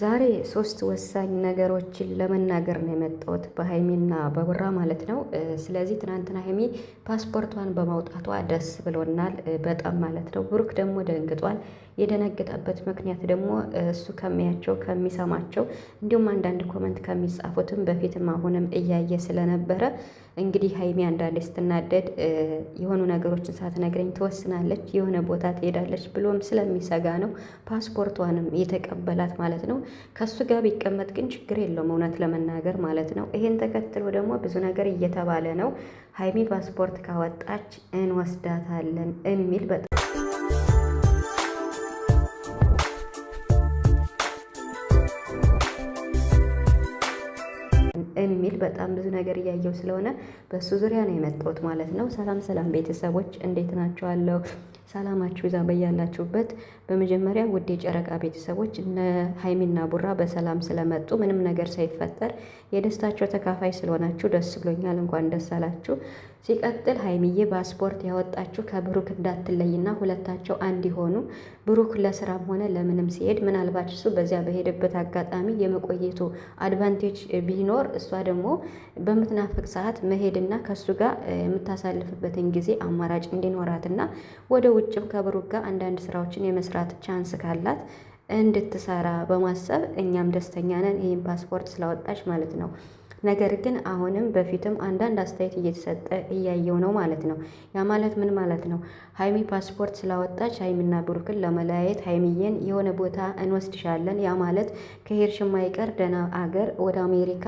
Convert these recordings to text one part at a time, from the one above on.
ዛሬ ሶስት ወሳኝ ነገሮችን ለመናገር ነው የመጣሁት በሀይሚና በቡራ ማለት ነው። ስለዚህ ትናንትና ሀይሚ ፓስፖርቷን በማውጣቷ ደስ ብሎናል በጣም ማለት ነው። ብሩክ ደግሞ ደንግጧል። የደነገጠበት ምክንያት ደግሞ እሱ ከሚያቸው ከሚሰማቸው እንዲሁም አንዳንድ ኮመንት ከሚጻፉትም በፊትም አሁንም እያየ ስለነበረ እንግዲህ ሀይሚ አንዳንዴ ስትናደድ የሆኑ ነገሮችን ሳትነግረኝ ትወስናለች፣ የሆነ ቦታ ትሄዳለች ብሎም ስለሚሰጋ ነው ፓስፖርቷንም የተቀበላት ማለት ነው። ከሱ ጋር ቢቀመጥ ግን ችግር የለውም እውነት ለመናገር ማለት ነው። ይሄን ተከትሎ ደግሞ ብዙ ነገር እየተባለ ነው። ሀይሚ ፓስፖርት ካወጣች እንወስዳታለን የሚል የሚል በጣም ብዙ ነገር እያየው ስለሆነ በሱ ዙሪያ ነው የመጣሁት ማለት ነው። ሰላም ሰላም ቤተሰቦች እንዴት ናቸዋለሁ? ሰላማችሁ ይዛ በያላችሁበት። በመጀመሪያ ውድ የጨረቃ ቤተሰቦች እነ ሀይሚና ቡራ በሰላም ስለመጡ ምንም ነገር ሳይፈጠር የደስታቸው ተካፋይ ስለሆናችሁ ደስ ብሎኛል። እንኳን ደስ አላችሁ። ሲቀጥል ሀይሚዬ ፓስፖርት ያወጣችው ከብሩክ እንዳትለይና ሁለታቸው አንድ የሆኑ ብሩክ ለስራም ሆነ ለምንም ሲሄድ ምናልባት እሱ በዚያ በሄደበት አጋጣሚ የመቆየቱ አድቫንቴጅ ቢኖር እሷ ደግሞ በምትናፍቅ ሰዓት መሄድና ከእሱ ጋር የምታሳልፍበትን ጊዜ አማራጭ እንዲኖራትና ወደ ውጭም ከብሩክ ጋር አንዳንድ ስራዎችን የመስራት ቻንስ ካላት እንድትሰራ በማሰብ እኛም ደስተኛ ነን። ይህም ፓስፖርት ስላወጣች ማለት ነው። ነገር ግን አሁንም በፊትም አንዳንድ አስተያየት እየተሰጠ እያየው ነው ማለት ነው። ያ ማለት ምን ማለት ነው? ሀይሚ ፓስፖርት ስላወጣች ሀይሚና ብሩክን ለመለያየት ሀይሚዬን የሆነ ቦታ እንወስድሻለን፣ ያ ማለት ከሄድሽ የማይቀር ደህና አገር ወደ አሜሪካ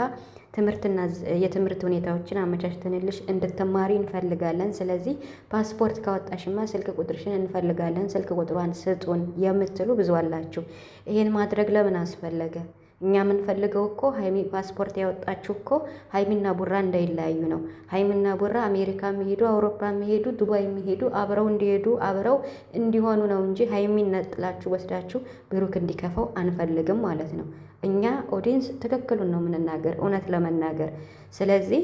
ትምህርትና የትምህርት ሁኔታዎችን አመቻችተንልሽ እንድትማሪ እንፈልጋለን። ስለዚህ ፓስፖርት ካወጣሽማ ስልክ ቁጥርሽን እንፈልጋለን፣ ስልክ ቁጥሯን ስጡን የምትሉ ብዙ አላችሁ። ይሄን ማድረግ ለምን አስፈለገ? እኛ የምንፈልገው እኮ ሀይሚ ፓስፖርት ያወጣችሁ እኮ ሀይሚና ቡራ እንዳይለያዩ ነው። ሀይሚና ቡራ አሜሪካ የሚሄዱ አውሮፓ የሚሄዱ ዱባይ የሚሄዱ አብረው እንዲሄዱ አብረው እንዲሆኑ ነው እንጂ ሀይሚን ነጥላችሁ ወስዳችሁ ብሩክ እንዲከፋው አንፈልግም ማለት ነው። እኛ ኦዲንስ ትክክሉን ነው የምንናገር እውነት ለመናገር ስለዚህ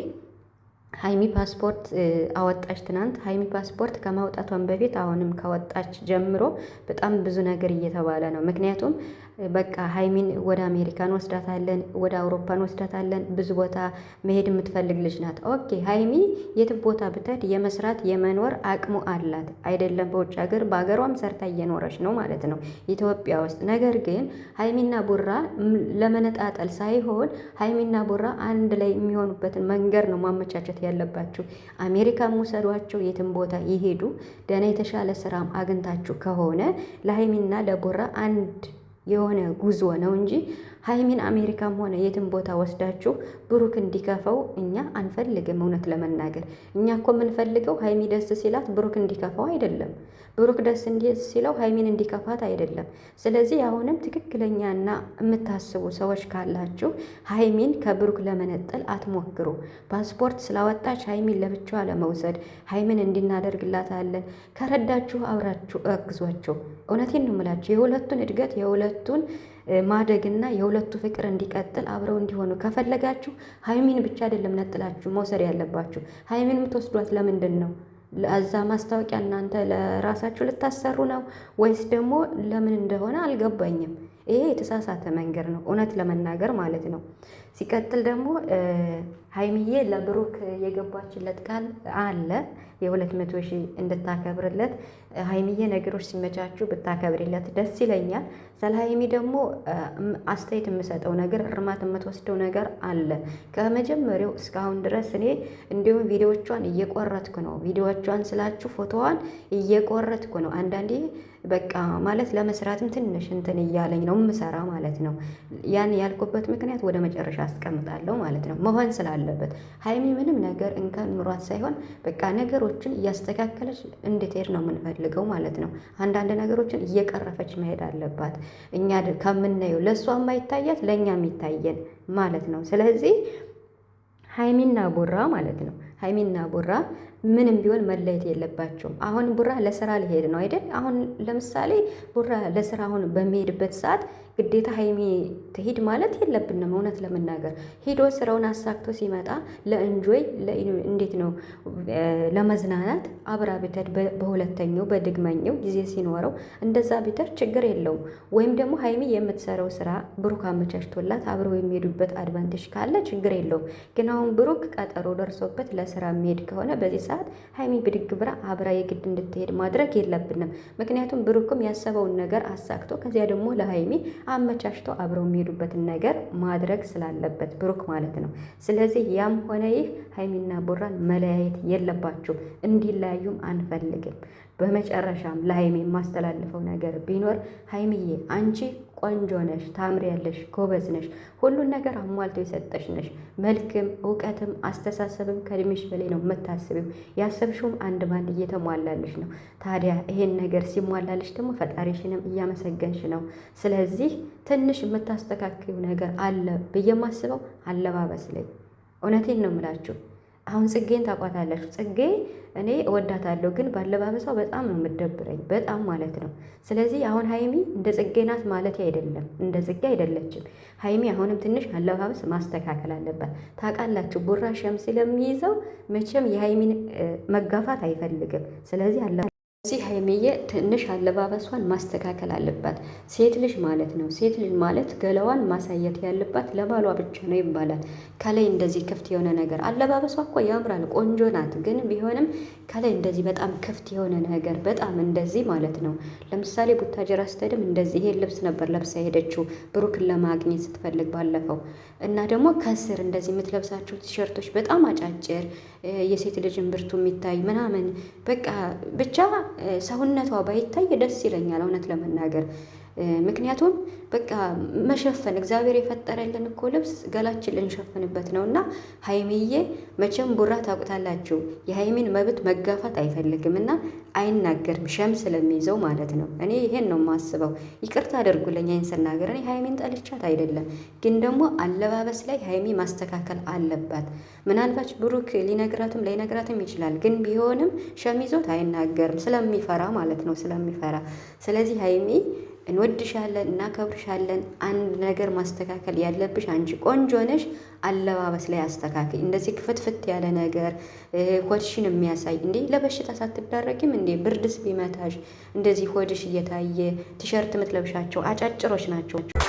ሀይሚ ፓስፖርት አወጣች ትናንት። ሀይሚ ፓስፖርት ከማውጣቷን በፊት አሁንም ካወጣች ጀምሮ በጣም ብዙ ነገር እየተባለ ነው። ምክንያቱም በቃ ሀይሚን ወደ አሜሪካን ወስዳታለን፣ ወደ አውሮፓን ወስዳታለን። ብዙ ቦታ መሄድ የምትፈልግ ልጅ ናት። ኦኬ ሀይሚ የት ቦታ ብትሄድ የመስራት የመኖር አቅሙ አላት አይደለም። በውጭ ሀገር በሀገሯም ሰርታ እየኖረች ነው ማለት ነው ኢትዮጵያ ውስጥ። ነገር ግን ሀይሚና ቡራ ለመነጣጠል ሳይሆን ሀይሚና ቡራ አንድ ላይ የሚሆኑበትን መንገድ ነው ማመቻቸት ያለባችሁ። አሜሪካ ውሰዷቸው፣ የትም ቦታ ይሄዱ። ደህና የተሻለ ስራም አግኝታችሁ ከሆነ ለሀይሚና ለቡራ አንድ የሆነ ጉዞ ነው እንጂ ሀይሚን አሜሪካም ሆነ የትም ቦታ ወስዳችሁ ብሩክ እንዲከፈው እኛ አንፈልግም። እውነት ለመናገር እኛ እኮ የምንፈልገው ሀይሚ ደስ ሲላት ብሩክ እንዲከፋው አይደለም፣ ብሩክ ደስ ሲለው ሀይሚን እንዲከፋት አይደለም። ስለዚህ አሁንም ትክክለኛና የምታስቡ ሰዎች ካላችሁ ሀይሚን ከብሩክ ለመነጠል አትሞክሩ። ፓስፖርት ስላወጣች ሀይሚን ለብቻዋ ለመውሰድ ሀይሚን እንድናደርግላታለን ከረዳችሁ አብራችሁ አግዟቸው። እውነቴን ነው የምላችሁ የሁለቱን እድገት የሁለቱን ማደግና የሁለቱ ፍቅር እንዲቀጥል አብረው እንዲሆኑ ከፈለጋችሁ ሀይሚን ብቻ አይደለም ነጥላችሁ መውሰድ ያለባችሁ። ሀይሚን የምትወስዷት ለምንድን ነው? ለዛ ማስታወቂያ እናንተ ለራሳችሁ ልታሰሩ ነው ወይስ ደግሞ ለምን እንደሆነ አልገባኝም። ይሄ የተሳሳተ መንገድ ነው፣ እውነት ለመናገር ማለት ነው። ሲቀጥል ደግሞ ሀይሚዬ ለብሩክ የገባችለት ቃል አለ የሁለት መቶ ሺህ እንድታከብርለት ሀይሚዬ ነገሮች ሲመቻችሁ ብታከብርለት ደስ ይለኛል። ስለ ሀይሚ ደግሞ አስተያየት የምሰጠው ነገር እርማት የምትወስደው ነገር አለ። ከመጀመሪያው እስካሁን ድረስ እኔ እንዲሁም ቪዲዮቿን እየቆረጥኩ ነው። ቪዲዮቿን ስላችሁ ፎቶዋን እየቆረጥኩ ነው። አንዳንዴ በቃ ማለት ለመስራትም ትንሽ እንትን እያለኝ ነው የምሰራ ማለት ነው። ያን ያልኩበት ምክንያት ወደ መጨረሻ አስቀምጣለሁ ማለት ነው። መሆን ስላለበት ሀይሚ ምንም ነገር እንከን ምሯት ሳይሆን በቃ ነገሮችን እያስተካከለች እንድትሄድ ነው የምንፈልገው ማለት ነው። አንዳንድ ነገሮችን እየቀረፈች መሄድ አለባት። እኛ ከምናየው ለእሷ የማይታያት ለእኛ የሚታየን ማለት ነው። ስለዚህ ሀይሚና ቦራ ማለት ነው ሀይሚና ቦራ ምንም ቢሆን መለየት የለባቸውም። አሁን ቡራ ለስራ ሊሄድ ነው አይደል? አሁን ለምሳሌ ቡራ ለስራ አሁን በሚሄድበት ሰዓት ግዴታ ሀይሚ ትሂድ ማለት የለብንም። እውነት ለመናገር ሂዶ ስራውን አሳክቶ ሲመጣ ለእንጆይ እንዴት ነው ለመዝናናት አብራ ብተድ በሁለተኛው በድግመኛው ጊዜ ሲኖረው እንደዛ ቢተድ ችግር የለውም። ወይም ደግሞ ሀይሚ የምትሰራው ስራ ብሩክ አመቻችቶላት አብረው የሚሄዱበት አድቫንቴጅ ካለ ችግር የለውም። ግን አሁን ብሩክ ቀጠሮ ደርሶበት ለስራ የሚሄድ ከሆነ በዚህ ሰዓት ሀይሚ ብድግ ብራ አብራ የግድ እንድትሄድ ማድረግ የለብንም። ምክንያቱም ብሩክም ያሰበውን ነገር አሳክቶ ከዚያ ደግሞ ለሀይሚ አመቻችቶ አብረው የሚሄዱበትን ነገር ማድረግ ስላለበት ብሩክ ማለት ነው። ስለዚህ ያም ሆነ ይህ ሀይሚና ቦራን መለያየት የለባቸውም፣ እንዲለያዩም አንፈልግም። በመጨረሻም ለሀይሜ የማስተላልፈው ነገር ቢኖር ሀይሚዬ አንቺ ቆንጆ ነሽ፣ ታምሪያለሽ፣ ጎበዝ ነሽ፣ ሁሉን ነገር አሟልቶ የሰጠሽ ነሽ። መልክም፣ እውቀትም፣ አስተሳሰብም ከእድሜሽ በላይ ነው የምታስቢው። ያሰብሽውም አንድ ባንድ እየተሟላልሽ ነው። ታዲያ ይሄን ነገር ሲሟላልሽ ደግሞ ፈጣሪሽንም እያመሰገንሽ ነው። ስለዚህ ትንሽ የምታስተካክዩ ነገር አለ ብዬ የማስበው አለባበስ ላይ። እውነቴን ነው የምላችሁ። አሁን ጽጌን ታቋታላችሁ ጽጌ እኔ እወዳታለሁ፣ ግን ባለባበሷ በጣም ነው የምደብረኝ፣ በጣም ማለት ነው። ስለዚህ አሁን ሀይሚ እንደ ጽጌ ናት ማለት አይደለም፣ እንደ ጽጌ አይደለችም ሀይሚ። አሁንም ትንሽ አለባበስ ማስተካከል አለባት። ታውቃላችሁ፣ ቡራ ስለሚይዘው መቼም የሀይሚን መጋፋት አይፈልግም። ስለዚህ እዚህ ሀይሚዬ ትንሽ አለባበሷን ማስተካከል አለባት። ሴት ልጅ ማለት ነው። ሴት ልጅ ማለት ገላዋን ማሳየት ያለባት ለባሏ ብቻ ነው ይባላል። ከላይ እንደዚህ ክፍት የሆነ ነገር አለባበሷ እኮ ያምራል፣ ቆንጆ ናት። ግን ቢሆንም ከላይ እንደዚህ በጣም ክፍት የሆነ ነገር በጣም እንደዚህ ማለት ነው። ለምሳሌ ቡታጀራ ስትሄድም እንደዚህ ይሄን ልብስ ነበር ለብሳ ሄደችው ብሩክን ለማግኘት ስትፈልግ ባለፈው። እና ደግሞ ከስር እንደዚህ የምትለብሳቸው ቲሸርቶች በጣም አጫጭር የሴት ልጅን ብርቱ የሚታይ ምናምን በቃ ብቻ ሰውነቷ ባይታይ ደስ ይለኛል እውነት ለመናገር ምክንያቱም በቃ መሸፈን እግዚአብሔር የፈጠረልን እኮ ልብስ ገላችን ልንሸፍንበት ነው። እና ሀይሚዬ መቼም ቡራ ታውቁታላችሁ የሀይሚን መብት መጋፋት አይፈልግም እና አይናገርም ሸም ስለሚይዘው ማለት ነው። እኔ ይሄን ነው የማስበው። ይቅርታ አድርጉልኝ ስናገር እኔ ሀይሚን ጠልቻት አይደለም፣ ግን ደግሞ አለባበስ ላይ ሀይሚ ማስተካከል አለባት። ምናልባት ብሩክ ሊነግራትም ላይነግራትም ይችላል፣ ግን ቢሆንም ሸም ይዞት አይናገርም ስለሚፈራ ማለት ነው ስለሚፈራ ስለዚህ ሀይሚ እንወድሻለን፣ እናከብርሻለን። አንድ ነገር ማስተካከል ያለብሽ አንቺ ቆንጆ ነሽ፣ አለባበስ ላይ አስተካከል። እንደዚህ ክፍትፍት ያለ ነገር ሆድሽን የሚያሳይ እንዴ ለበሽታ ሳትዳረግም እንዴ ብርድስ ቢመታሽ እንደዚህ ሆድሽ እየታየ ቲሸርት የምትለብሻቸው አጫጭሮች ናቸው።